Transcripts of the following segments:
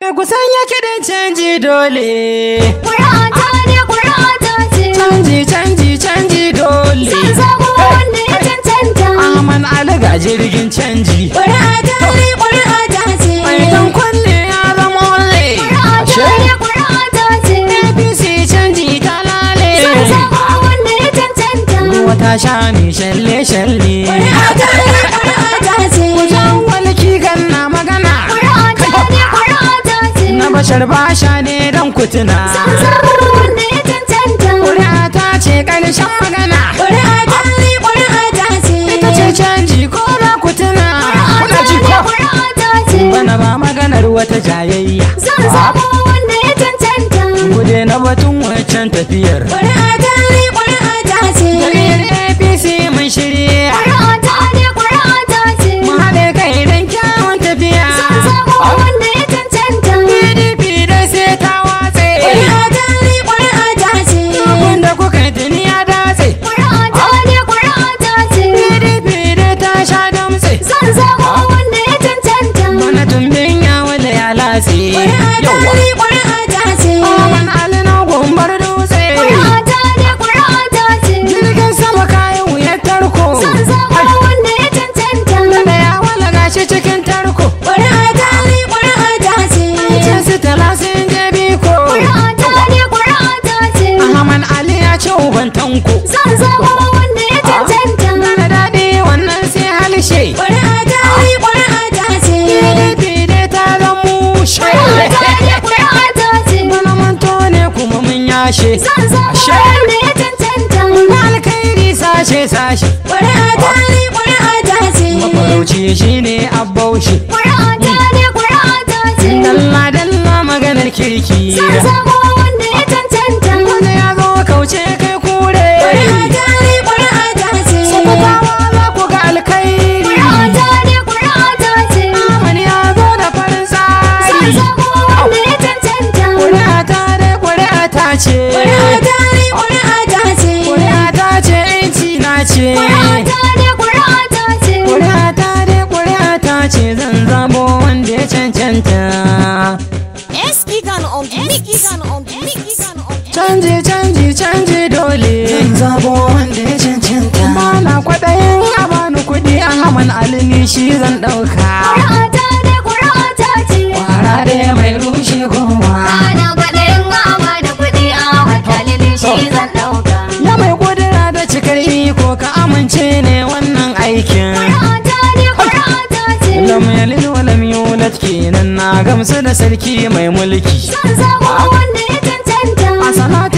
Mai kusan kiɗin canji dole. ce. Canji canji canji dole. Zan zaɓo wanda ya cancanta. jirgin canji. Kura'ata ne kura'ata ce. Mai dan kunne ce. canji ta Zan wanda ya cancanta. sha ne shalle shalle. Motar basha ne don kutuna. San zaɓar wanda ya cancanta. magana. canji ko na kutuna. Ƙuri'a maganar wata jayayya. San zaɓar wanda ya cancanta. Ku na batun wancan tafiyar. Ƙuri'a sashe sashe wanda ya cancanta na alkhairi sashe sashe ƙuri'a ta ne ƙuri'a ta ce mafarauci shi ne abbaushi ƙuri'a ta ne ƙuri'a ta ce dalla dalla maganar kirki san samu wanda ya sabo wanda ya cancanta ba na kwaɗayin a bani kuɗi a haman alini shi zan ɗauka ne ce ƙwara mai rushe ana a bani kuɗi a shi zan ɗauka ya mai kudura da cikar ka amince ne wannan aikin ƙura'ata ne ce kenan na gamsu da sarki mai mulki san sabo wanda ya cancanta a salatu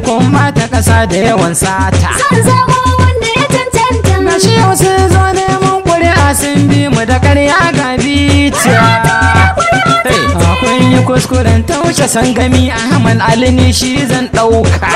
kun kuma ta kasa da yawan sata san wanda ya na shi yau sun zo neman ƙuri'a sun bi mu da ƙarya ga bita akwai yi kuskuren taushe sangami ahmad ali ne shi zan ɗauka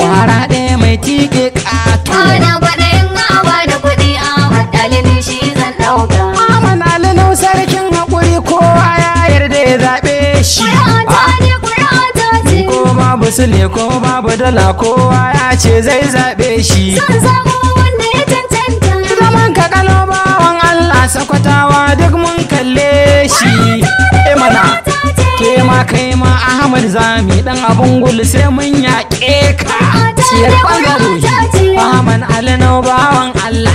wara ɗaya mai tike ƙara sule ko babu dala kowa ya ce zai zaɓe shi zan zaɓo wanda ya cancanta zaman ka kalo bawan Allah sakwatawa duk mun kalle shi eh mana ke ma kai ma Ahmad zami dan abun gul sai mun yaƙe ka ciyar ɓangare Ahmad Ali na bawan Allah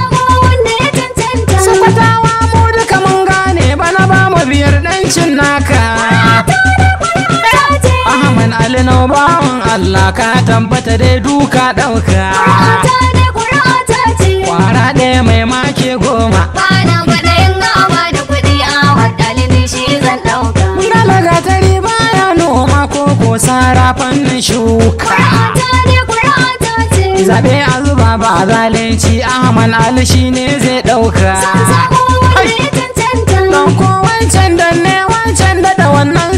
Allah ka tambata dai duka ɗauka ta da ta ce ɗaya mai make goma bana da kuɗi baya noma ko sara fannin shuka ta ne ƙura'a ce zaɓe a zuba ba zalunci Ahmad Ali shi ne zai ɗauka Ɗauko wancan ne wancan da da wannan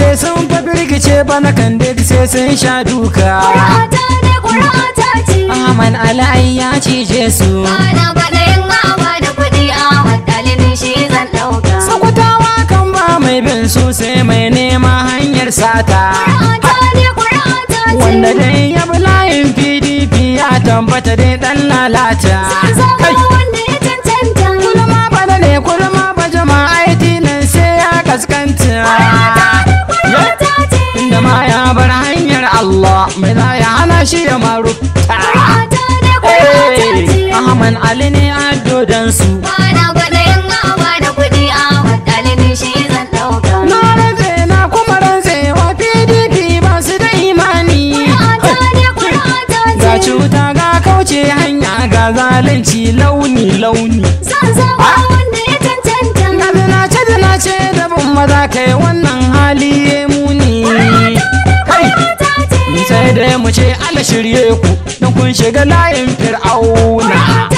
rikice sun fafi rikice bana kan sai sun sha duka ƙura'ata ne ƙura'ata ce aman ala'ai ya cije su ana faɗa yin awa da kuɗi a haddalin shi zan ɗauka sakwatawa kan ba mai bin su sai mai nema hanyar sata ƙura'ata ne ƙura'ata ce wanda dai ya bi layin pdp ya tambata dai ɗan lalata kai wanda ya cancanta kurma bana ne kurma ba jama'a nan sai ya kaskanta Allah mai za ya hana shi da maru Ahman Ali ne a dodon su Bana gwada yin awa da kuɗi Ahmad wadda ne shi zan ɗauka Na rantse na kuma sai wa PDP ba su da imani Ga cuta ga kauce hanya ga zalunci launi launi da ya mu ce ala shirye ku don kun shiga layin fir'auna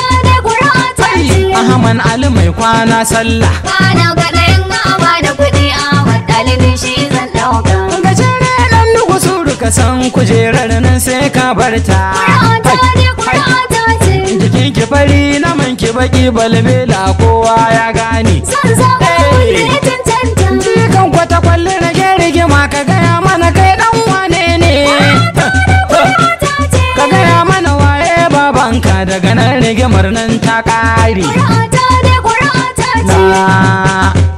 Ahaman Ali mai kwana sallah Kwana yin awa da kuɗi a ɗalibin shi zan ɗauka san kujerar nan sai ka barta Kura'ata ki fari na man ki baki balbela kowa ya rigimar ta ƙare na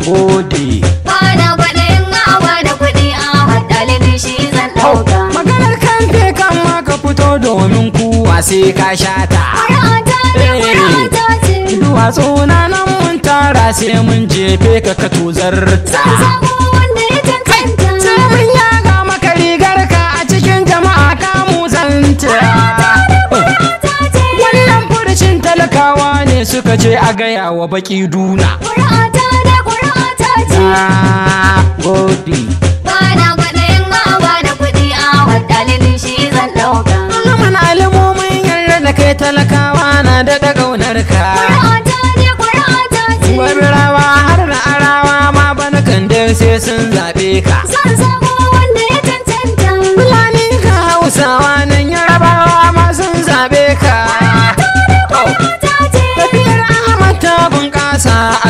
gode bana kwaɗayin awa da kuɗi a haddalin shi zan ɗauka maganar kan te kan ma ka fito domin kuwa sai ka ta eh, duwatsu na nan mun tara sai mun jefe ka ka tuzar ta suka ce a gaya wa baki duna ƙura'ata da ce gode ba na kwaɗayin ba da kuɗi a waɗalilin shi zan ɗauka alamun alamomin yarda da kai talakawa na daɗa ƙaunar ka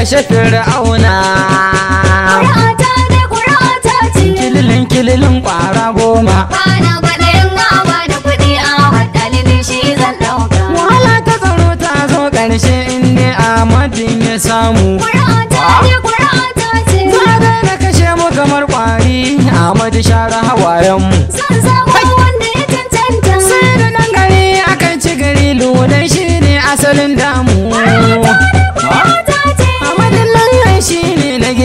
kashe fir'auna Kura'ata da kura'ata ce Kililin kililin ƙwara goma Ana gwadarin gawa da kuɗi a haddalin shi zan ɗauka Wahala ta tsaro ta zo ƙarshe in inda Ahmadin ya samu Kura'ata da kura'ata ce Za a daina kashe mu kamar ƙwari Ahmadu share hawayenmu Zan samu wanda ya cancanta Sai da nan gari akan ci gari ludan shi ne asalin damu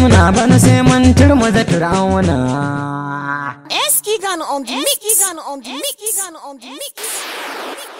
muna bana sai mun turmuza turawuna. Eski gano on the mix. Eski gano on the mix.